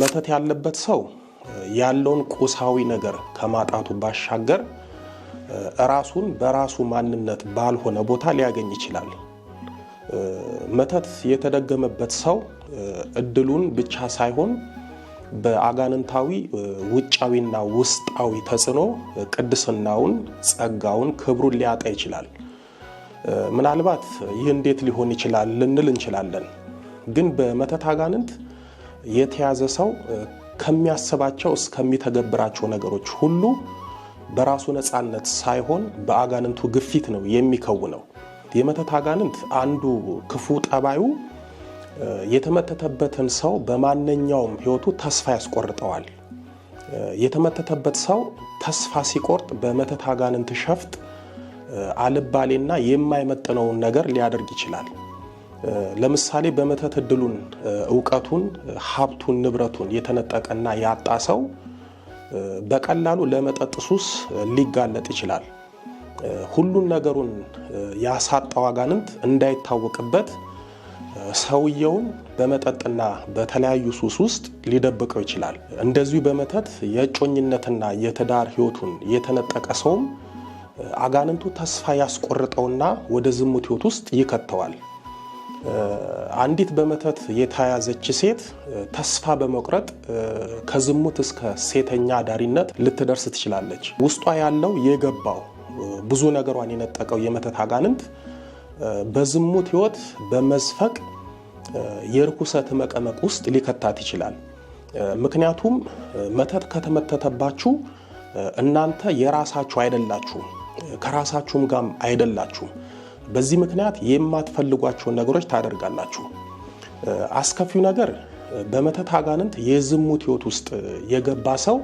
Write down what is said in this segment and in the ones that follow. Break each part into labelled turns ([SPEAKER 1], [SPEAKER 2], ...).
[SPEAKER 1] መተት ያለበት ሰው ያለውን ቁሳዊ ነገር ከማጣቱ ባሻገር ራሱን በራሱ ማንነት ባልሆነ ቦታ ሊያገኝ ይችላል። መተት የተደገመበት ሰው እድሉን ብቻ ሳይሆን በአጋንንታዊ ውጫዊና ውስጣዊ ተጽዕኖ ቅድስናውን፣ ጸጋውን፣ ክብሩን ሊያጣ ይችላል። ምናልባት ይህ እንዴት ሊሆን ይችላል ልንል እንችላለን። ግን በመተት አጋንንት የተያዘ ሰው ከሚያስባቸው እስከሚተገብራቸው ነገሮች ሁሉ በራሱ ነፃነት ሳይሆን በአጋንንቱ ግፊት ነው የሚከውነው። የመተት አጋንንት አንዱ ክፉ ጠባዩ የተመተተበትን ሰው በማንኛውም ሕይወቱ ተስፋ ያስቆርጠዋል። የተመተተበት ሰው ተስፋ ሲቆርጥ በመተት አጋንንት ሸፍጥ አልባሌና የማይመጥነውን ነገር ሊያደርግ ይችላል። ለምሳሌ በመተት እድሉን፣ እውቀቱን፣ ሀብቱን፣ ንብረቱን የተነጠቀና ያጣ ሰው በቀላሉ ለመጠጥ ሱስ ሊጋለጥ ይችላል። ሁሉን ነገሩን ያሳጣው አጋንንት እንዳይታወቅበት ሰውየውን በመጠጥና በተለያዩ ሱስ ውስጥ ሊደብቀው ይችላል። እንደዚሁ በመተት የእጮኝነትና የትዳር ህይወቱን የተነጠቀ ሰውም አጋንንቱ ተስፋ ያስቆርጠውና ወደ ዝሙት ህይወት ውስጥ ይከተዋል። አንዲት በመተት የተያዘች ሴት ተስፋ በመቁረጥ ከዝሙት እስከ ሴተኛ አዳሪነት ልትደርስ ትችላለች። ውስጧ ያለው የገባው ብዙ ነገሯን የነጠቀው የመተት አጋንንት በዝሙት ሕይወት በመዝፈቅ የርኩሰት መቀመቅ ውስጥ ሊከታት ይችላል። ምክንያቱም መተት ከተመተተባችሁ እናንተ የራሳችሁ አይደላችሁም፣ ከራሳችሁም ጋም አይደላችሁም። በዚህ ምክንያት የማትፈልጓቸውን ነገሮች ታደርጋላችሁ። አስከፊው ነገር በመተት አጋንንት የዝሙት ህይወት ውስጥ የገባ ሰው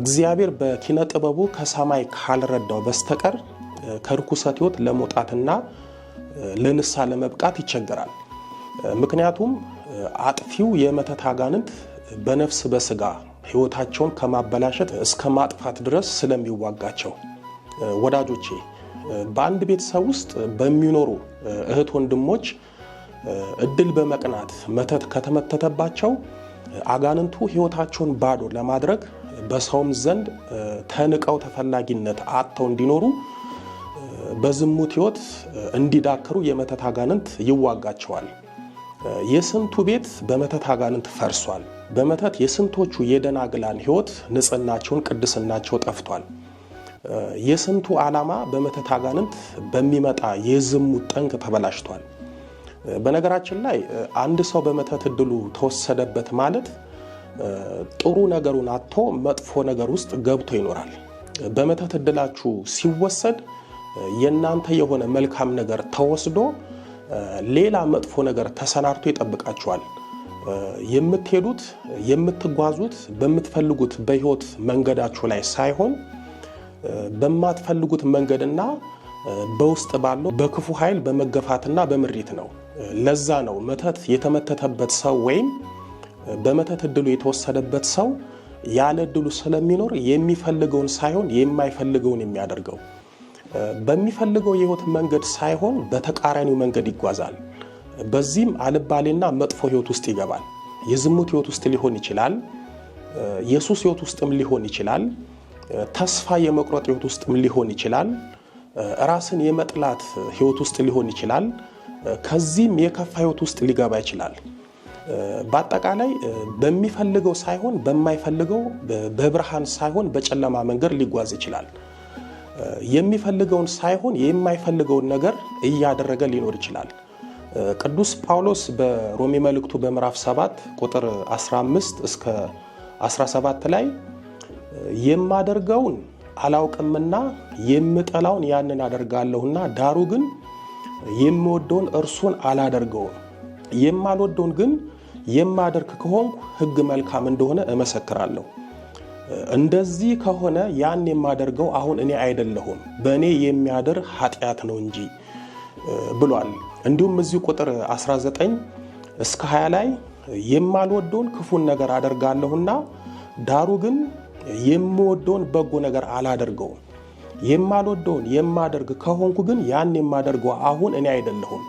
[SPEAKER 1] እግዚአብሔር በኪነ ጥበቡ ከሰማይ ካልረዳው በስተቀር ከርኩሰት ህይወት ለመውጣትና ለንሳ ለመብቃት ይቸገራል። ምክንያቱም አጥፊው የመተት አጋንንት በነፍስ በስጋ ህይወታቸውን ከማበላሸት እስከ ማጥፋት ድረስ ስለሚዋጋቸው ወዳጆቼ በአንድ ቤተሰብ ውስጥ በሚኖሩ እህት ወንድሞች እድል በመቅናት መተት ከተመተተባቸው አጋንንቱ ህይወታቸውን ባዶ ለማድረግ በሰውም ዘንድ ተንቀው ተፈላጊነት አጥተው እንዲኖሩ በዝሙት ህይወት እንዲዳክሩ የመተት አጋንንት ይዋጋቸዋል። የስንቱ ቤት በመተት አጋንንት ፈርሷል። በመተት የስንቶቹ የደናግላን ህይወት ንጽህናቸውን፣ ቅድስናቸው ጠፍቷል። የስንቱ ዓላማ በመተት አጋንንት በሚመጣ የዝሙት ጠንቅ ተበላሽቷል። በነገራችን ላይ አንድ ሰው በመተት እድሉ ተወሰደበት ማለት ጥሩ ነገሩን አጥቶ መጥፎ ነገር ውስጥ ገብቶ ይኖራል። በመተት እድላችሁ ሲወሰድ የእናንተ የሆነ መልካም ነገር ተወስዶ ሌላ መጥፎ ነገር ተሰናድቶ ይጠብቃችኋል። የምትሄዱት የምትጓዙት በምትፈልጉት በህይወት መንገዳችሁ ላይ ሳይሆን በማትፈልጉት መንገድና በውስጥ ባለው በክፉ ኃይል በመገፋትና በምሪት ነው። ለዛ ነው መተት የተመተተበት ሰው ወይም በመተት እድሉ የተወሰደበት ሰው ያለ እድሉ ስለሚኖር የሚፈልገውን ሳይሆን የማይፈልገውን የሚያደርገው በሚፈልገው የህይወት መንገድ ሳይሆን በተቃራኒው መንገድ ይጓዛል። በዚህም አልባሌና መጥፎ ህይወት ውስጥ ይገባል። የዝሙት ህይወት ውስጥ ሊሆን ይችላል። የሱስ ህይወት ውስጥም ሊሆን ይችላል። ተስፋ የመቁረጥ ህይወት ውስጥም ሊሆን ይችላል። ራስን የመጥላት ህይወት ውስጥ ሊሆን ይችላል። ከዚህም የከፋ ህይወት ውስጥ ሊገባ ይችላል። በአጠቃላይ በሚፈልገው ሳይሆን በማይፈልገው በብርሃን ሳይሆን በጨለማ መንገድ ሊጓዝ ይችላል። የሚፈልገውን ሳይሆን የማይፈልገውን ነገር እያደረገ ሊኖር ይችላል። ቅዱስ ጳውሎስ በሮሜ መልእክቱ በምዕራፍ 7 ቁጥር 15 እስከ 17 ላይ የማደርገውን አላውቅምና የምጠላውን ያንን አደርጋለሁና ዳሩ ግን የምወደውን እርሱን አላደርገውም። የማልወደውን ግን የማደርግ ከሆንኩ ሕግ መልካም እንደሆነ እመሰክራለሁ። እንደዚህ ከሆነ ያን የማደርገው አሁን እኔ አይደለሁም በእኔ የሚያድር ኃጢአት ነው እንጂ ብሏል። እንዲሁም እዚህ ቁጥር 19 እስከ 20 ላይ የማልወደውን ክፉን ነገር አደርጋለሁና ዳሩ ግን የምወደውን በጎ ነገር አላደርገውም። የማልወደውን የማደርግ ከሆንኩ ግን ያን የማደርገው አሁን እኔ አይደለሁም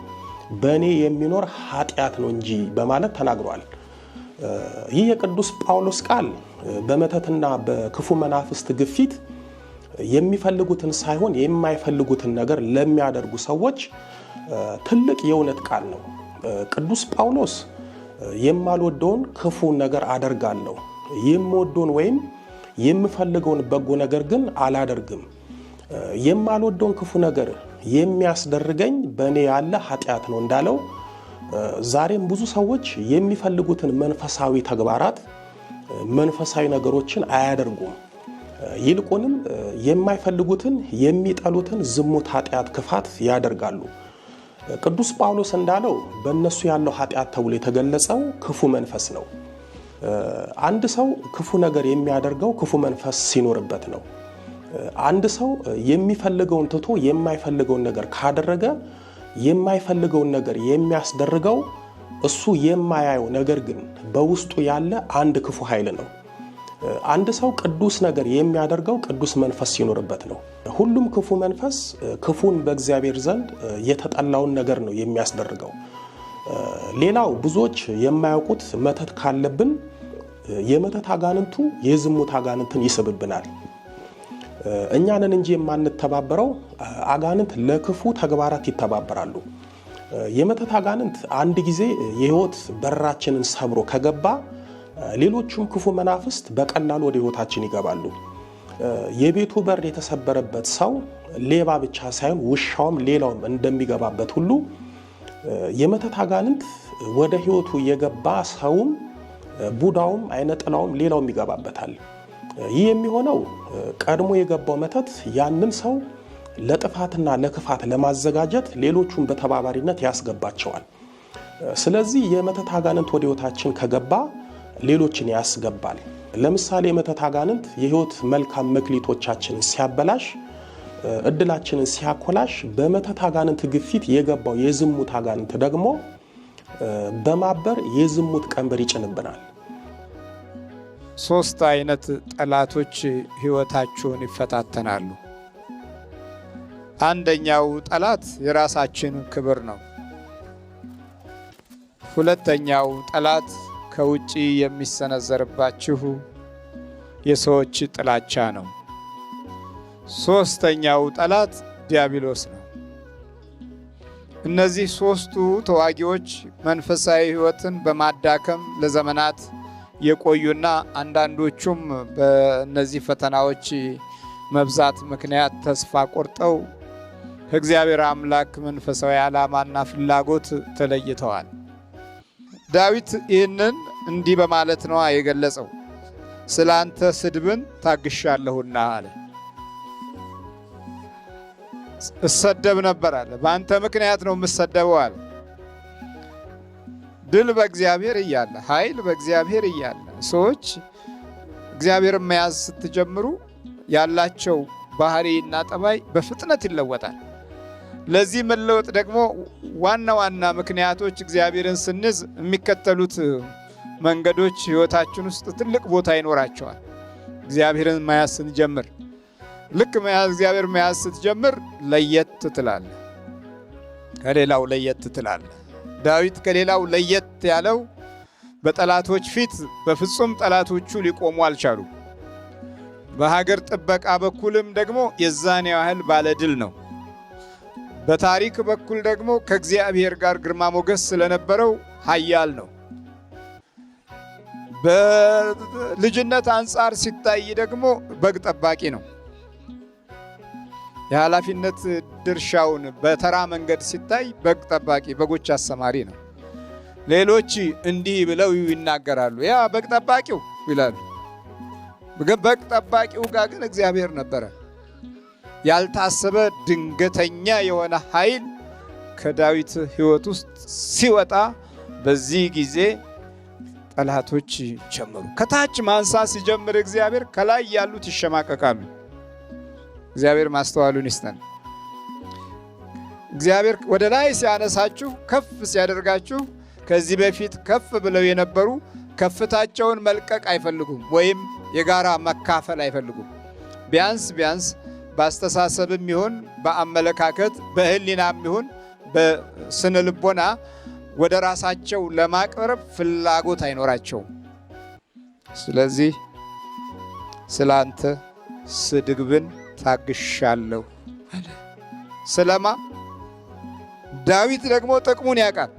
[SPEAKER 1] በእኔ የሚኖር ኃጢአት ነው እንጂ በማለት ተናግሯል። ይህ የቅዱስ ጳውሎስ ቃል በመተትና በክፉ መናፍስት ግፊት የሚፈልጉትን ሳይሆን የማይፈልጉትን ነገር ለሚያደርጉ ሰዎች ትልቅ የእውነት ቃል ነው። ቅዱስ ጳውሎስ የማልወደውን ክፉ ነገር አደርጋለሁ የምወደውን ወይም የምፈልገውን በጎ ነገር ግን አላደርግም። የማልወደውን ክፉ ነገር የሚያስደርገኝ በእኔ ያለ ኃጢአት ነው እንዳለው ዛሬም ብዙ ሰዎች የሚፈልጉትን መንፈሳዊ ተግባራት መንፈሳዊ ነገሮችን አያደርጉም። ይልቁንም የማይፈልጉትን የሚጠሉትን ዝሙት፣ ኃጢአት፣ ክፋት ያደርጋሉ። ቅዱስ ጳውሎስ እንዳለው በእነሱ ያለው ኃጢአት ተብሎ የተገለጸው ክፉ መንፈስ ነው። አንድ ሰው ክፉ ነገር የሚያደርገው ክፉ መንፈስ ሲኖርበት ነው። አንድ ሰው የሚፈልገውን ትቶ የማይፈልገውን ነገር ካደረገ የማይፈልገውን ነገር የሚያስደርገው እሱ የማያየው ነገር ግን በውስጡ ያለ አንድ ክፉ ኃይል ነው። አንድ ሰው ቅዱስ ነገር የሚያደርገው ቅዱስ መንፈስ ሲኖርበት ነው። ሁሉም ክፉ መንፈስ ክፉን በእግዚአብሔር ዘንድ የተጠላውን ነገር ነው የሚያስደርገው። ሌላው ብዙዎች የማያውቁት መተት ካለብን የመተት አጋንንቱ የዝሙት አጋንንትን ይስብብናል። እኛንን እንጂ የማንተባበረው አጋንንት ለክፉ ተግባራት ይተባበራሉ። የመተት አጋንንት አንድ ጊዜ የህይወት በራችንን ሰብሮ ከገባ ሌሎቹም ክፉ መናፍስት በቀላሉ ወደ ህይወታችን ይገባሉ። የቤቱ በር የተሰበረበት ሰው ሌባ ብቻ ሳይሆን ውሻውም ሌላውም እንደሚገባበት ሁሉ የመተት አጋንንት ወደ ህይወቱ የገባ ሰውም ቡዳውም አይነ ጥላውም ሌላውም ይገባበታል። ይህ የሚሆነው ቀድሞ የገባው መተት ያንን ሰው ለጥፋትና ለክፋት ለማዘጋጀት ሌሎቹን በተባባሪነት ያስገባቸዋል። ስለዚህ የመተት አጋንንት ወደ ህይወታችን ከገባ ሌሎችን ያስገባል። ለምሳሌ የመተት አጋንንት የህይወት መልካም መክሊቶቻችንን ሲያበላሽ፣ እድላችንን ሲያኮላሽ፣ በመተት አጋንንት ግፊት የገባው የዝሙት አጋንንት ደግሞ በማበር የዝሙት ቀንበር ይጭንብናል።
[SPEAKER 2] ሶስት አይነት ጠላቶች ህይወታችሁን ይፈታተናሉ። አንደኛው ጠላት የራሳችን ክብር ነው። ሁለተኛው ጠላት ከውጪ የሚሰነዘርባችሁ የሰዎች ጥላቻ ነው። ሶስተኛው ጠላት ዲያብሎስ ነው። እነዚህ ሶስቱ ተዋጊዎች መንፈሳዊ ህይወትን በማዳከም ለዘመናት የቆዩና አንዳንዶቹም በእነዚህ ፈተናዎች መብዛት ምክንያት ተስፋ ቆርጠው ከእግዚአብሔር አምላክ መንፈሳዊ ዓላማና ፍላጎት ተለይተዋል። ዳዊት ይህንን እንዲህ በማለት ነው የገለጸው፣ ስለ አንተ ስድብን ታግሻለሁና አለ። እሰደብ ነበር አለ። በአንተ ምክንያት ነው የምሰደበው አለ። ድል በእግዚአብሔር እያለ ኃይል በእግዚአብሔር እያለ ሰዎች እግዚአብሔር መያዝ ስትጀምሩ ያላቸው ባህሪና ጠባይ በፍጥነት ይለወጣል። ለዚህ መለወጥ ደግሞ ዋና ዋና ምክንያቶች እግዚአብሔርን ስንይዝ የሚከተሉት መንገዶች ህይወታችን ውስጥ ትልቅ ቦታ ይኖራቸዋል። እግዚአብሔርን መያዝ ስንጀምር ልክ መያዝ እግዚአብሔር መያዝ ስትጀምር ለየት ትላለ፣ ከሌላው ለየት ትላለ። ዳዊት ከሌላው ለየት ያለው በጠላቶች ፊት በፍጹም ጠላቶቹ ሊቆሙ አልቻሉ። በሀገር ጥበቃ በኩልም ደግሞ የዛን ያህል ባለድል ነው። በታሪክ በኩል ደግሞ ከእግዚአብሔር ጋር ግርማ ሞገስ ስለነበረው ኃያል ነው። በልጅነት አንጻር ሲታይ ደግሞ በግ ጠባቂ ነው። የኃላፊነት ድርሻውን በተራ መንገድ ሲታይ በግ ጠባቂ፣ በጎች አሰማሪ ነው። ሌሎች እንዲህ ብለው ይናገራሉ፣ ያ በግ ጠባቂው ይላሉ። በግ ጠባቂው ጋር ግን እግዚአብሔር ነበረ። ያልታሰበ ድንገተኛ የሆነ ኃይል ከዳዊት ሕይወት ውስጥ ሲወጣ በዚህ ጊዜ ጠላቶች ጀመሩ። ከታች ማንሳት ሲጀምር እግዚአብሔር ከላይ ያሉት ይሸማቀቃሉ። እግዚአብሔር ማስተዋሉን ይስጠን። እግዚአብሔር ወደ ላይ ሲያነሳችሁ ከፍ ሲያደርጋችሁ ከዚህ በፊት ከፍ ብለው የነበሩ ከፍታቸውን መልቀቅ አይፈልጉም፣ ወይም የጋራ መካፈል አይፈልጉም። ቢያንስ ቢያንስ በአስተሳሰብም ይሁን በአመለካከት በህሊናም ይሁን በስነ ልቦና ወደ ራሳቸው ለማቅረብ ፍላጎት አይኖራቸውም። ስለዚህ ስለ አንተ ስድግብን ታግሻለሁ ስለማ ዳዊት ደግሞ ጥቅሙን ያውቃል።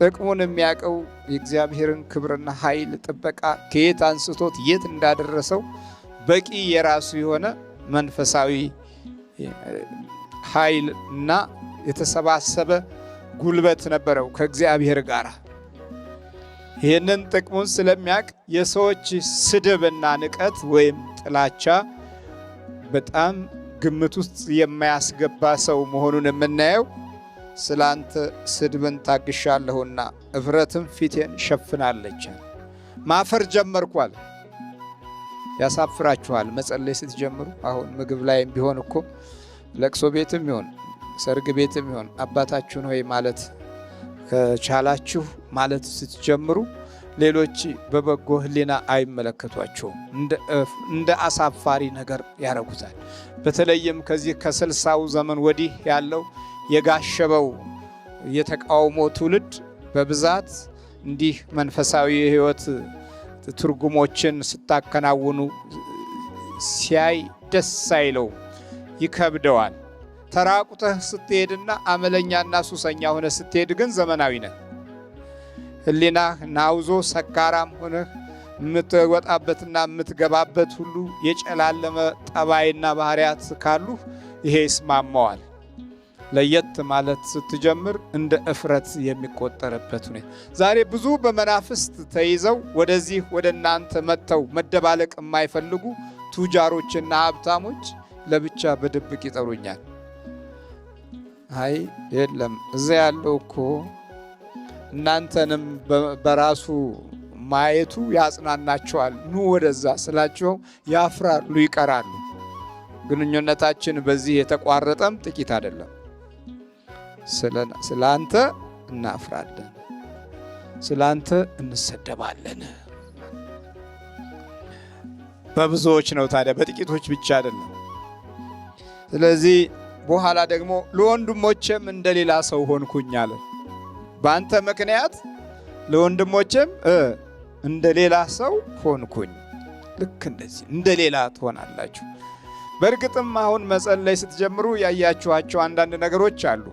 [SPEAKER 2] ጥቅሙን የሚያውቀው የእግዚአብሔርን ክብርና ኃይል ጥበቃ ከየት አንስቶት የት እንዳደረሰው በቂ የራሱ የሆነ መንፈሳዊ ኃይል እና የተሰባሰበ ጉልበት ነበረው ከእግዚአብሔር ጋር። ይህንን ጥቅሙን ስለሚያውቅ የሰዎች ስድብና ንቀት ወይም ጥላቻ በጣም ግምት ውስጥ የማያስገባ ሰው መሆኑን የምናየው አንተ ስድብን ታግሻለሁና እፍረትም ፊቴን ሸፍናለች። ማፈር ጀመርኳል። ያሳፍራችኋል መጸለይ ስትጀምሩ። አሁን ምግብ ላይም ቢሆን እኮ ለቅሶ ቤትም ይሆን ሰርግ ቤትም ይሆን አባታችሁን ሆይ ማለት ከቻላችሁ ማለት ስትጀምሩ ሌሎች በበጎ ህሊና አይመለከቷቸውም። እንደ አሳፋሪ ነገር ያረጉታል። በተለይም ከዚህ ከስልሳው ዘመን ወዲህ ያለው የጋሸበው የተቃውሞ ትውልድ በብዛት እንዲህ መንፈሳዊ የህይወት ትርጉሞችን ስታከናውኑ ሲያይ ደስ አይለው፣ ይከብደዋል። ተራቁተህ ስትሄድና አመለኛና ሱሰኛ ሆነ ስትሄድ ግን ዘመናዊ ነህ። ሕሊናህ ናውዞ ሰካራም ሆነህ የምትወጣበትና የምትገባበት ሁሉ የጨላለመ ጠባይና ባህሪያት ካሉ ይሄ ይስማማዋል። ለየት ማለት ስትጀምር እንደ እፍረት የሚቆጠርበት ሁኔታ። ዛሬ ብዙ በመናፍስት ተይዘው ወደዚህ ወደ እናንተ መጥተው መደባለቅ የማይፈልጉ ቱጃሮችና ሀብታሞች ለብቻ በድብቅ ይጠሩኛል። አይ የለም እዚያ ያለው እኮ እናንተንም በራሱ ማየቱ ያጽናናቸዋል። ኑ ወደዛ ስላቸው ያፍራሉ፣ ይቀራሉ። ግንኙነታችን በዚህ የተቋረጠም ጥቂት አይደለም። ስለ አንተ እናፍራለን፣ ስለ አንተ እንሰደባለን። በብዙዎች ነው ታዲያ፣ በጥቂቶች ብቻ አይደለም። ስለዚህ በኋላ ደግሞ ለወንድሞቼም እንደሌላ ሰው ሆንኩኝ አለን። በአንተ ምክንያት ለወንድሞችም እንደ ሌላ ሰው ሆንኩኝ። ልክ እንደዚህ እንደ ሌላ ትሆናላችሁ። በእርግጥም አሁን መጸለይ ስትጀምሩ ያያችኋቸው አንዳንድ ነገሮች አሉ።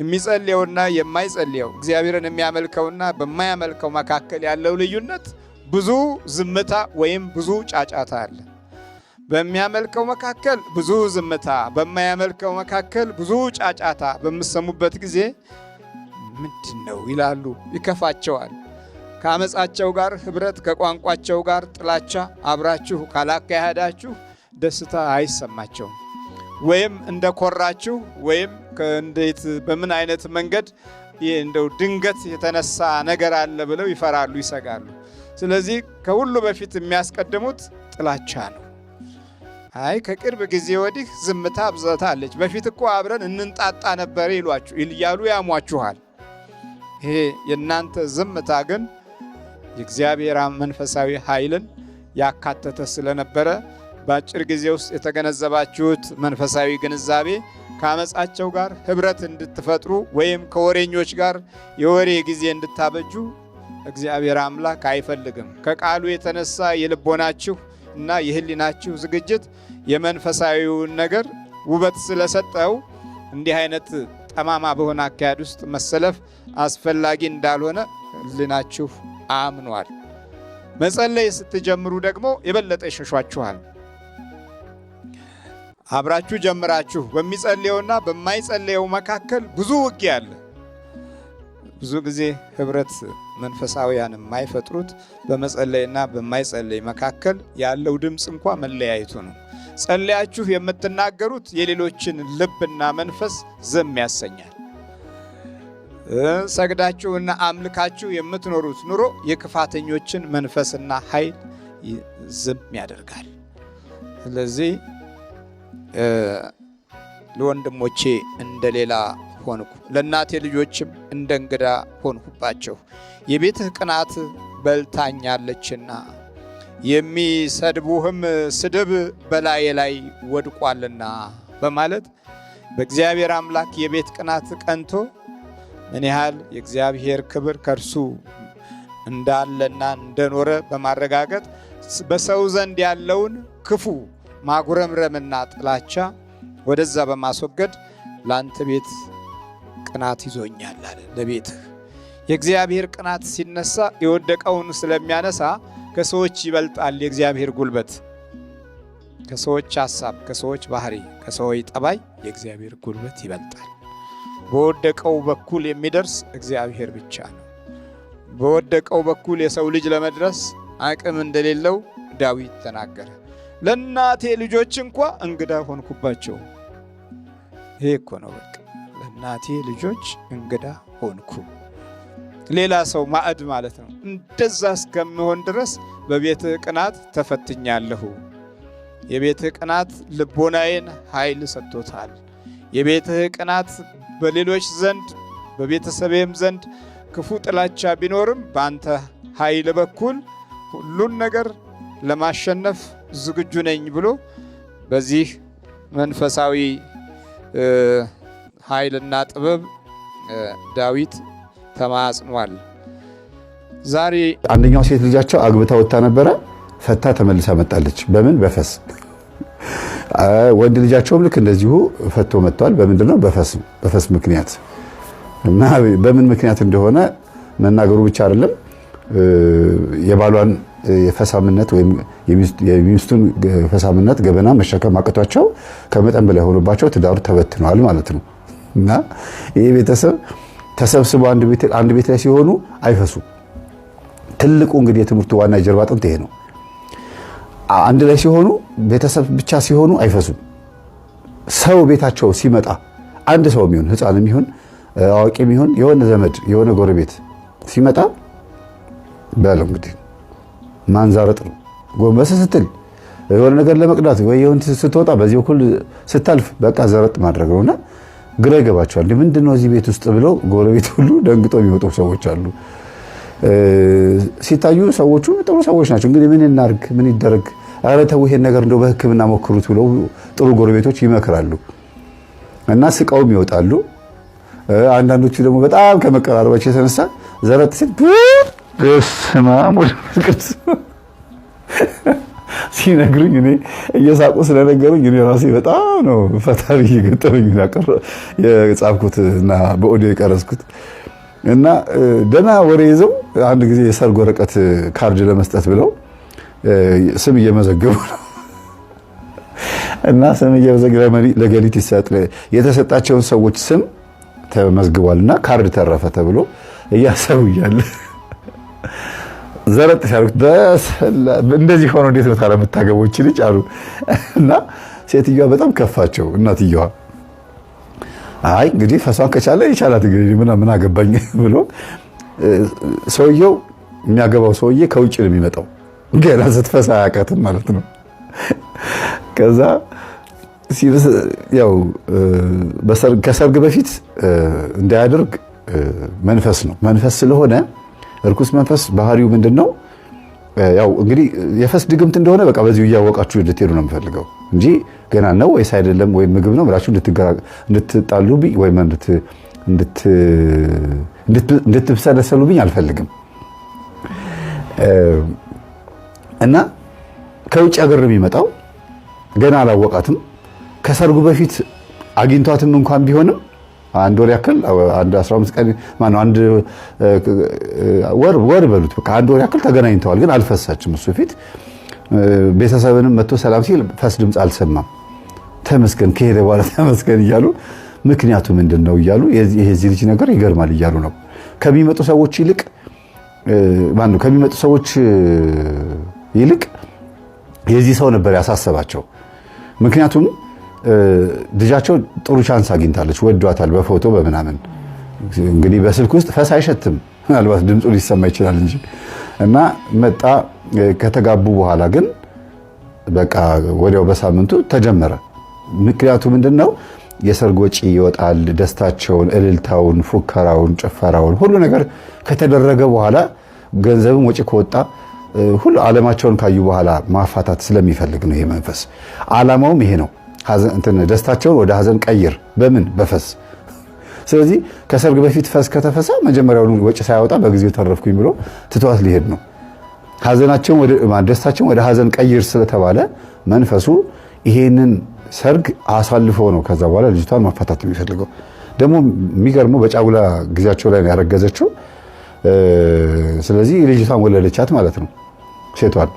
[SPEAKER 2] የሚጸልየውና የማይጸልየው እግዚአብሔርን የሚያመልከውና በማያመልከው መካከል ያለው ልዩነት ብዙ ዝምታ ወይም ብዙ ጫጫታ አለ። በሚያመልከው መካከል ብዙ ዝምታ፣ በማያመልከው መካከል ብዙ ጫጫታ በምሰሙበት ጊዜ ምንድን ነው ይላሉ፣ ይከፋቸዋል። ከአመፃቸው ጋር ህብረት፣ ከቋንቋቸው ጋር ጥላቻ አብራችሁ ካላካሄዳችሁ ደስታ አይሰማቸውም። ወይም እንደኮራችሁ ወይም እንዴት በምን አይነት መንገድ እንደው ድንገት የተነሳ ነገር አለ ብለው ይፈራሉ፣ ይሰጋሉ። ስለዚህ ከሁሉ በፊት የሚያስቀድሙት ጥላቻ ነው። አይ ከቅርብ ጊዜ ወዲህ ዝምታ ብዛታ አለች። በፊት እኮ አብረን እንንጣጣ ነበር ይሏችሁ እያሉ ያሟችኋል። ይሄ የእናንተ ዝምታ ግን የእግዚአብሔር መንፈሳዊ ኃይልን ያካተተ ስለነበረ በአጭር ጊዜ ውስጥ የተገነዘባችሁት መንፈሳዊ ግንዛቤ ከአመፃቸው ጋር ህብረት እንድትፈጥሩ ወይም ከወሬኞች ጋር የወሬ ጊዜ እንድታበጁ እግዚአብሔር አምላክ አይፈልግም። ከቃሉ የተነሳ የልቦናችሁ እና የህሊናችሁ ዝግጅት የመንፈሳዊውን ነገር ውበት ስለሰጠው እንዲህ አይነት ጠማማ በሆነ አካሄድ ውስጥ መሰለፍ አስፈላጊ እንዳልሆነ ልናችሁ አምኗል። መጸለይ ስትጀምሩ ደግሞ የበለጠ ይሸሿችኋል። አብራችሁ ጀምራችሁ በሚጸልየውና በማይጸልየው መካከል ብዙ ውጊያ አለ። ብዙ ጊዜ ህብረት መንፈሳውያን የማይፈጥሩት በመጸለይና በማይጸለይ መካከል ያለው ድምፅ እንኳ መለያየቱ ነው። ጸልያችሁ የምትናገሩት የሌሎችን ልብና መንፈስ ዝም ያሰኛል። ሰግዳችሁና አምልካችሁ የምትኖሩት ኑሮ የክፋተኞችን መንፈስና ኃይል ዝም ያደርጋል። ስለዚህ ለወንድሞቼ እንደሌላ ሆንኩ፣ ለእናቴ ልጆችም እንደ እንግዳ ሆንሁባቸው፣ የቤትህ ቅናት በልታኛለችና የሚሰድቡህም ስድብ በላይ ላይ ወድቋልና በማለት በእግዚአብሔር አምላክ የቤት ቅናት ቀንቶ ምን ያህል የእግዚአብሔር ክብር ከእርሱ እንዳለና እንደኖረ በማረጋገጥ በሰው ዘንድ ያለውን ክፉ ማጉረምረምና ጥላቻ ወደዛ በማስወገድ ለአንተ ቤት ቅናት ይዞኛል አለ። ለቤትህ የእግዚአብሔር ቅናት ሲነሳ የወደቀውን ስለሚያነሳ ከሰዎች ይበልጣል የእግዚአብሔር ጉልበት። ከሰዎች ሐሳብ፣ ከሰዎች ባህሪ፣ ከሰዎች ጠባይ የእግዚአብሔር ጉልበት ይበልጣል። በወደቀው በኩል የሚደርስ እግዚአብሔር ብቻ ነው። በወደቀው በኩል የሰው ልጅ ለመድረስ አቅም እንደሌለው ዳዊት ተናገረ። ለእናቴ ልጆች እንኳ እንግዳ ሆንኩባቸው። ይሄ እኮ ነው በቃ ለእናቴ ልጆች እንግዳ ሆንኩ። ሌላ ሰው ማዕድ ማለት ነው። እንደዛ እስከምሆን ድረስ በቤት ቅናት ተፈትኛለሁ። የቤት ቅናት ልቦናዬን ኃይል ሰጥቶታል። የቤትህ ቅናት በሌሎች ዘንድ በቤተሰቤም ዘንድ ክፉ ጥላቻ ቢኖርም በአንተ ኃይል በኩል ሁሉን ነገር ለማሸነፍ ዝግጁ ነኝ ብሎ በዚህ መንፈሳዊ ኃይልና ጥበብ ዳዊት ተማጽኗል። ዛሬ
[SPEAKER 1] አንደኛው ሴት ልጃቸው አግብታ ወጥታ ነበረ፣ ፈታ ተመልሳ መጣለች። በምን በፈስ። ወንድ ልጃቸውም ልክ እንደዚሁ ፈቶ መጥተዋል። በምንድን ነው? በፈስ ምክንያት እና በምን ምክንያት እንደሆነ መናገሩ ብቻ አይደለም የባሏን የፈሳምነት ወይም የሚስቱን ፈሳምነት ገበና መሸከም አቅቷቸው ከመጠን በላይ ሆኖባቸው ትዳሩ ተበትነዋል ማለት ነው እና ይህ ቤተሰብ ተሰብስበው አንድ ቤት ላይ ሲሆኑ አይፈሱም። ትልቁ እንግዲህ የትምህርቱ ዋና ጀርባ አጥንት ይሄ ነው። አንድ ላይ ሲሆኑ ቤተሰብ ብቻ ሲሆኑ አይፈሱም። ሰው ቤታቸው ሲመጣ አንድ ሰው የሚሆን ህፃን ይሁን አዋቂ ይሁን የሆነ ዘመድ የሆነ ጎረቤት ሲመጣ በለው እንግዲህ ማንዛረጥ ነው። ጎንበስ ስትል የሆነ ነገር ለመቅዳት ወይ የሆነ ስትወጣ በዚህ በኩል ስታልፍ በቃ ዘረጥ ማድረግ ነውና ግራ ይገባቸዋል። ምንድን ነው እዚህ ቤት ውስጥ ብለው ጎረቤት ሁሉ ደንግጦ የሚወጡ ሰዎች አሉ። ሲታዩ ሰዎቹ ጥሩ ሰዎች ናቸው። እንግዲህ ምን እናርግ፣ ምን ይደረግ፣ ኧረ ተው ይሄን ነገር እንደው በሕክምና ሞክሩት ብለው ጥሩ ጎረቤቶች ይመክራሉ እና ስቀውም ይወጣሉ። አንዳንዶቹ ደግሞ በጣም ከመቀራረባቸው የተነሳ ዘረት ሲል ስማ ሲነግሩኝ እኔ እየሳቁ ስለነገሩኝ እኔ ራሴ በጣም ነው ፈታ ብዬ ገጠመኝ የጻፍኩት እና በኦዲዮ የቀረጽኩት እና ደህና ወሬ ይዘው አንድ ጊዜ የሰርግ ወረቀት ካርድ ለመስጠት ብለው ስም እየመዘገቡ ነው እና ስም እየመዘገቡ ለገሊት ይሰጥ የተሰጣቸውን ሰዎች ስም ተመዝግቧል እና ካርድ ተረፈ ተብሎ እያሰቡ እያለ ዘረጥ ሲያደርጉት እንደዚህ ሆኖ እንዴት ነው ታዲያ የምታገቦች ልጅ አሉ እና ሴትዮዋ በጣም ከፋቸው። እናትየዋ አይ እንግዲህ ፈሷን ከቻለ ይቻላት እንግዲህ ምን አገባኝ ብሎ ሰውየው የሚያገባው ሰውዬ ከውጭ ነው የሚመጣው። ገና ስትፈሳ አያውቃትም ማለት ነው። ከዛ ያው ከሰርግ በፊት እንዳያደርግ መንፈስ ነው መንፈስ ስለሆነ እርኩስ መንፈስ ባህሪው ምንድን ነው? ያው እንግዲህ የፈስ ድግምት እንደሆነ በቃ በዚሁ እያወቃችሁ ልትሄዱ ነው የምፈልገው እንጂ ገና ነው ወይስ አይደለም ወይም ምግብ ነው ብላችሁ እንድትጣሉብኝ ወይም እንድትብሰለሰሉብኝ አልፈልግም። እና ከውጭ ሀገር ነው የሚመጣው። ገና አላወቃትም። ከሰርጉ በፊት አግኝቷትም እንኳን ቢሆንም አንድ ወር ያክል አንድ 15 ቀን ማነው አንድ ወር ወር በሉት በቃ አንድ ወር ያክል ተገናኝተዋል። ግን አልፈሳችም። እሱ ፊት ቤተሰብንም መጥቶ ሰላም ሲል ፈስ ድምፅ አልሰማም። ተመስገን ከሄደ በኋላ ተመስገን እያሉ ምክንያቱ ምንድን ነው እያሉ የዚህ ልጅ ነገር ይገርማል እያሉ ነው ከሚመጡ ሰዎች ይልቅ ማነው ከሚመጡ ሰዎች ይልቅ የዚህ ሰው ነበር ያሳሰባቸው ምክንያቱም ልጃቸው ጥሩ ቻንስ አግኝታለች፣ ወዷታል። በፎቶ በምናምን እንግዲህ በስልክ ውስጥ ፈስ አይሸትም፣ ምናልባት ድምፁ ሊሰማ ይችላል እንጂ እና መጣ። ከተጋቡ በኋላ ግን በቃ ወዲያው በሳምንቱ ተጀመረ። ምክንያቱ ምንድን ነው? የሰርግ ወጪ ይወጣል። ደስታቸውን፣ እልልታውን፣ ፉከራውን፣ ጭፈራውን ሁሉ ነገር ከተደረገ በኋላ ገንዘብም ወጪ ከወጣ ሁሉ ዓለማቸውን ካዩ በኋላ ማፋታት ስለሚፈልግ ነው ይሄ መንፈስ። ዓላማውም ይሄ ነው። ደስታቸውን ወደ ሀዘን ቀይር። በምን በፈስ ስለዚህ ከሰርግ በፊት ፈስ ከተፈሳ መጀመሪያውኑ ወጪ ሳያወጣ በጊዜው ተረፍኩኝ ብሎ ትተዋት ሊሄድ ነው። ሀዘናቸውን ወደ ደስታቸውን ወደ ሀዘን ቀይር ስለተባለ መንፈሱ ይሄንን ሰርግ አሳልፎ ነው ከዛ በኋላ ልጅቷን ማፋታት የሚፈልገው። ደግሞ የሚገርመው በጫጉላ ጊዜያቸው ላይ ያረገዘችው። ስለዚህ ልጅቷን ወለደቻት ማለት ነው ሴቷን።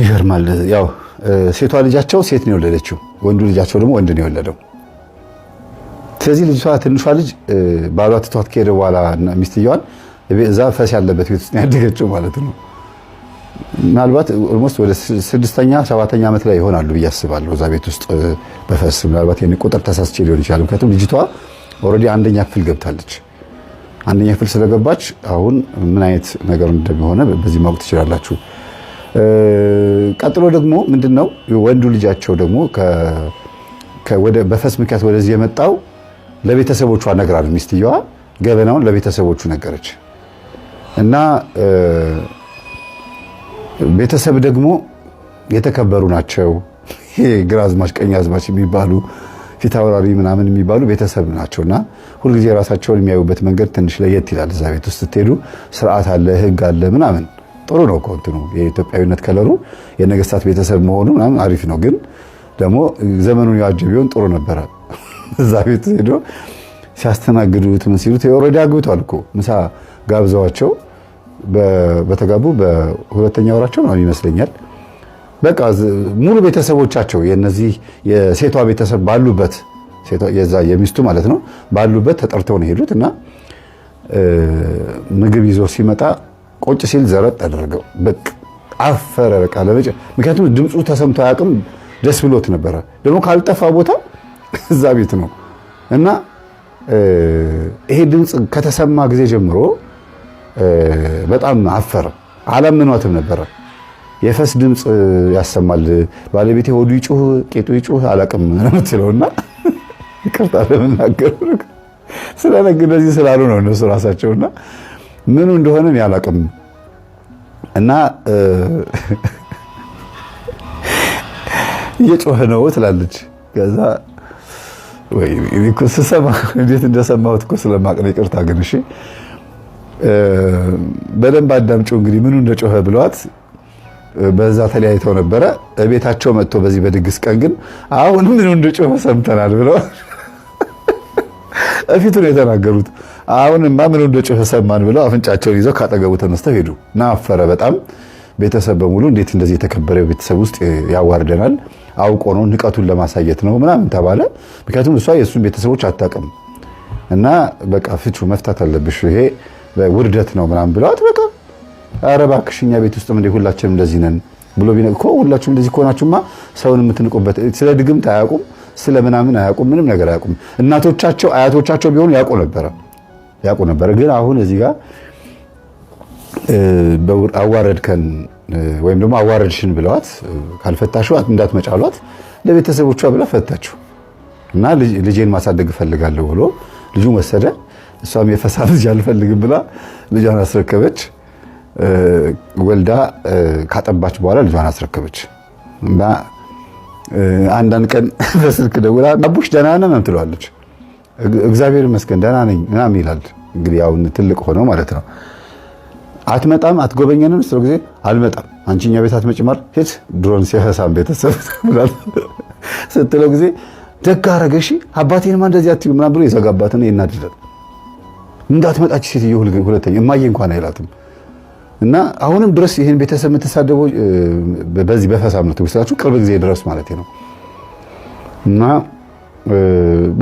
[SPEAKER 1] ይገርማል ያው ሴቷ ልጃቸው ሴት ነው የወለደችው፣ ወንዱ ልጃቸው ደግሞ ወንድ ነው የወለደው። ስለዚህ ልጅቷ ትንሿ ልጅ ባሏ ትቷት ከሄደ በኋላ ሚስትየዋን እዛ ፈስ ያለበት ቤት ውስጥ ያደገችው ማለት ነው። ምናልባት ኦልሞስት ወደ ስድስተኛ ሰባተኛ ዓመት ላይ ይሆናሉ ብዬ አስባለሁ። እዛ ቤት ውስጥ በፈስ ምናልባት ይህን ቁጥር ተሳስቼ ሊሆን ይችላል። ምክንያቱም ልጅቷ ኦልሬዲ አንደኛ ክፍል ገብታለች። አንደኛ ክፍል ስለገባች አሁን ምን አይነት ነገር እንደሚሆነ በዚህ ማወቅ ትችላላችሁ። ቀጥሎ ደግሞ ምንድነው ወንዱ ልጃቸው ደግሞ በፈስ ምክንያት ወደዚህ የመጣው ለቤተሰቦቿ ነግራል። ሚስትየዋ ገበናውን ለቤተሰቦቹ ነገረች እና ቤተሰብ ደግሞ የተከበሩ ናቸው። ግራዝማች አዝማች የሚባሉ አውራሪ ምናምን የሚባሉ ቤተሰብ ናቸውና ሁልጊዜ ራሳቸውን የሚያዩበት መንገድ ትንሽ ለየት ይላል። እዛ ቤት ውስጥ ስትሄዱ ስርዓት አለ፣ ህግ አለ ምናምን ጥሩ ነው እኮ እንትኑ የኢትዮጵያዊነት ከለሩ የነገስታት ቤተሰብ መሆኑ ምናምን አሪፍ ነው። ግን ደግሞ ዘመኑን የዋጀ ቢሆን ጥሩ ነበረ። እዛ ቤት ሄዶ ሲያስተናግዱት ምን ሲሉት ኦልሬዲ አግብቷል እኮ ምሳ ጋብዘዋቸው በተጋቡ በሁለተኛ ወራቸው ነው ይመስለኛል። በቃ ሙሉ ቤተሰቦቻቸው የነዚህ የሴቷ ቤተሰብ ባሉበት የዛ የሚስቱ ማለት ነው ባሉበት ተጠርተው ነው የሄዱት እና ምግብ ይዞ ሲመጣ ቁጭ ሲል ዘረጥ አደረገው። በቃ አፈረ። በቃ ለመጨ ምክንያቱም ድምፁ ተሰምቶ አያውቅም። ደስ ብሎት ነበረ። ደግሞ ካልጠፋ ቦታ እዛ ቤት ነው እና ይሄ ድምፅ ከተሰማ ጊዜ ጀምሮ በጣም አፈረ። አላምኗትም ነበረ። የፈስ ድምፅ ያሰማል ባለቤቴ፣ ሆዱ ይጩህ፣ ቄጡ ይጩህ አላቅም ምትለው እና ይቅርታ ለምናገር ስለነግ እንደዚህ ስላሉ ነው እነሱ ራሳቸውና ምኑ እንደሆነ ያላቅም እና እየጮኸ ነው ትላለች። ከዛ ስሰማ እንዴት እንደሰማሁት እኮ ስለማቅነ ይቅርታ ግን እሺ፣ በደንብ አዳምጪው እንግዲህ ምኑ እንደጮኸ ብሏት በዛ ተለያይተው ነበረ። ቤታቸው መጥቶ በዚህ በድግስ ቀን ግን አሁን ምኑ እንደጮኸ ሰምተናል ብለው እፊቱ ነው የተናገሩት። አሁንማ ምን እንደ ጮኸ ሰማን ብለው አፍንጫቸውን ይዘው ካጠገቡ ተነስተው ሄዱ እና አፈረ በጣም ቤተሰብ በሙሉ እንዴት እንደዚህ የተከበረ ቤተሰብ ውስጥ ያዋርደናል አውቆ ነው ንቀቱን ለማሳየት ነው ምናምን ተባለ ምክንያቱም እሷ የእሱን ቤተሰቦች አታውቅም እና በቃ ፍቹ መፍታት አለብሽ ይሄ ውርደት ነው ምናምን ብለዋት በቃ ኧረ እባክሽ እኛ ቤት ውስጥም እንደ ሁላችንም እንደዚህ ነን ብሎ እኮ ሁላችሁም እንደዚህ ከሆናችሁማ ሰውን የምትንቁበት ስለ ድግምት አያውቁም ስለ ምናምን አያውቁም ምንም ነገር አያውቁም እናቶቻቸው አያቶቻቸው ቢሆኑ ያውቁ ነበረ ያውቁ ነበር። ግን አሁን እዚህ ጋር አዋረድከን ወይም ደግሞ አዋረድሽን ብለዋት ካልፈታሽው እንዳትመጫሏት ለቤተሰቦቿ ብላ ፈታችሁ እና ልጄን ማሳደግ እፈልጋለሁ ብሎ ልጁ ወሰደ። እሷም የፈሳ ልጅ አልፈልግም ብላ ልጇን አስረከበች። ወልዳ ካጠባች በኋላ ልጇን አስረከበች እና አንዳንድ ቀን በስልክ ደውላ አቡሽ ደህና ነህ ምናምን ትለዋለች። እግዚአብሔር ይመስገን ደህና ነኝ ምናምን ይላል። እንግዲህ ያው ትልቅ ሆኖ ማለት ነው። አትመጣም አትጎበኘንም ስለ ጊዜ አልመጣም አንቺኛ ቤት አትመጭማር ሄድ ድሮን ሲያሳም ቤተሰብ ስትለው ጊዜ ደግ አረገ እሺ አባቴንማ እንደዚህ አትይው ምናምን ብሎ የዘጋባትን ይናድዳል። እንዳትመጣች ሴትዮ ሁለተኛ እማዬ እንኳን አይላትም። እና አሁንም ድረስ ይህን ቤተሰብ የምትሳደበው በዚህ በፈሳም ነው። ትውስታችሁ ቅርብ ጊዜ ድረስ ማለት ነው እና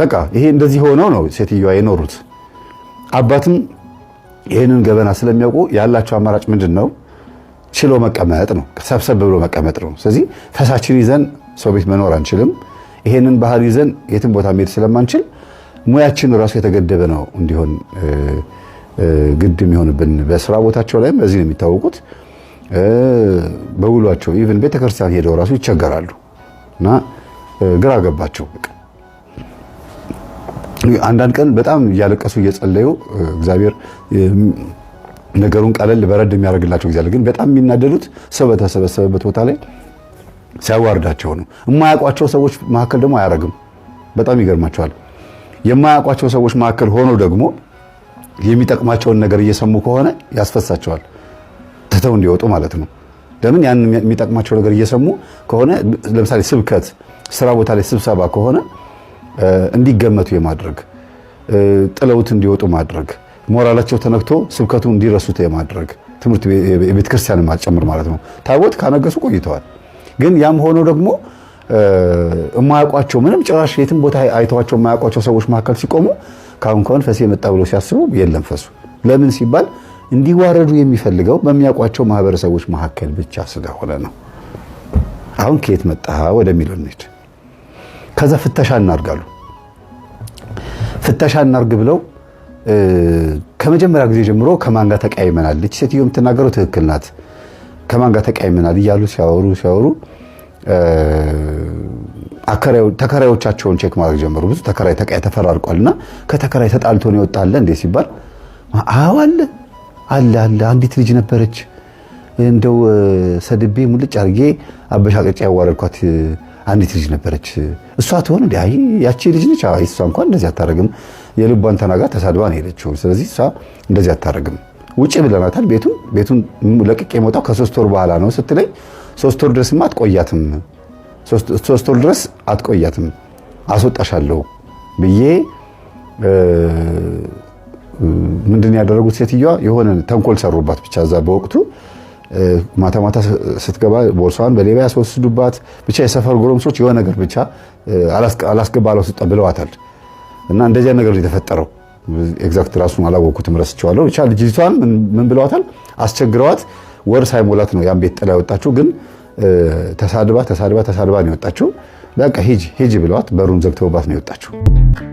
[SPEAKER 1] በቃ ይሄ እንደዚህ ሆነው ነው ሴትዮዋ የኖሩት። አባትም ይህንን ገበና ስለሚያውቁ ያላቸው አማራጭ ምንድን ነው? ችሎ መቀመጥ ነው፣ ሰብሰብ ብሎ መቀመጥ ነው። ስለዚህ ፈሳችን ይዘን ሰው ቤት መኖር አንችልም። ይሄንን ባህል ይዘን የትም ቦታ መሄድ ስለማንችል ሙያችን ራሱ የተገደበ ነው እንዲሆን ግድ የሚሆንብን። በስራ ቦታቸው ላይም በዚህ ነው የሚታወቁት። በውሏቸው ኢቭን ቤተክርስቲያን ሄደው ራሱ ይቸገራሉ እና ግራ ገባቸው። አንዳንድ ቀን በጣም እያለቀሱ እየጸለዩ እግዚአብሔር ነገሩን ቀለል በረድ የሚያደርግላቸው ጊዜ አለ። ግን በጣም የሚናደዱት ሰው በተሰበሰበበት ቦታ ላይ ሲያዋርዳቸው ነው። የማያውቋቸው ሰዎች መካከል ደግሞ አያረግም። በጣም ይገርማቸዋል። የማያውቋቸው ሰዎች መካከል ሆኖ ደግሞ የሚጠቅማቸውን ነገር እየሰሙ ከሆነ ያስፈሳቸዋል፣ ትተው እንዲወጡ ማለት ነው። ለምን ያን የሚጠቅማቸው ነገር እየሰሙ ከሆነ ለምሳሌ ስብከት፣ ስራ ቦታ ላይ ስብሰባ ከሆነ እንዲገመቱ የማድረግ ጥለውት እንዲወጡ ማድረግ ሞራላቸው ተነክቶ ስብከቱ እንዲረሱት የማድረግ ትምህርት የቤተ ክርስቲያን ማጨምር ማለት ነው። ታቦት ካነገሱ ቆይተዋል። ግን ያም ሆኖ ደግሞ የማያውቋቸው ምንም ጭራሽ የትም ቦታ አይተዋቸው የማያውቋቸው ሰዎች መካከል ሲቆሙ ካሁን ካሁን ፈሴ መጣ ብሎ ሲያስቡ የለም ፈሱ። ለምን ሲባል እንዲዋረዱ የሚፈልገው በሚያውቋቸው ማህበረሰቦች መካከል ብቻ ስለሆነ ነው። አሁን ከየት መጣ ወደሚለው እንሂድ። ከዛ ፍተሻ እናርጋሉ ፍተሻ እናርግ ብለው ከመጀመሪያ ጊዜ ጀምሮ ከማን ጋር ተቀያይመናል፣ ሴትዮ የምትናገረው ትክክል ናት፣ ከማን ጋር ተቀያይመናል እያሉ ሲያወሩ ሲያወሩ ተከራዮቻቸውን ቼክ ማድረግ ጀመሩ። ብዙ ተከራይ ተቀያይ ተፈራርቋል እና ከተከራይ ተጣልቶ ነው ይወጣለ እንዴ ሲባል አዎ አለ አለ አለ አንዲት ልጅ ነበረች እንደው ሰድቤ ሙልጭ አርጌ አበሻቅጬ ያዋረድኳት አንዲት ልጅ ነበረች። እሷ ትሆን እንዲ ያቺ ልጅ ነች። አይ እሷ እንኳን እንደዚህ አታደርግም። የልቧን ተናጋ ተሳድባ ነው የሄደችው። ስለዚህ እሷ እንደዚህ አታደርግም፣ ውጭ ብለናታል። ቤቱን ቤቱን ለቅቄ የመጣው ከሶስት ወር በኋላ ነው ስትለኝ፣ ሶስት ወር ድረስማ አትቆያትም፣ ሶስት ወር ድረስ አትቆያትም፣ አስወጣሻለሁ ብዬ ምንድን ያደረጉት ሴትዮዋ የሆነ ተንኮል ሰሩባት ብቻ እዛ በወቅቱ ማታ ማታ ስትገባ ቦርሳዋን በሌባ ያስወስዱባት። ብቻ የሰፈር ጎረምሶች የሆነ ነገር ብቻ አላስገባ አላስወጣም ብለዋታል። እና እንደዚያ ነገር የተፈጠረው ኤግዛክት ራሱን አላወቅኩትም፣ ረስቼዋለሁ። ብቻ ልጅቷን ምን ብለዋታል? አስቸግረዋት ወር ሳይሞላት ነው ያን ቤት ጥላ የወጣችው። ግን ተሳድባ ተሳድባ ተሳድባ ነው የወጣችው። በቃ ሂጂ ሂጂ ብለዋት በሩን ዘግተውባት ነው የወጣችው።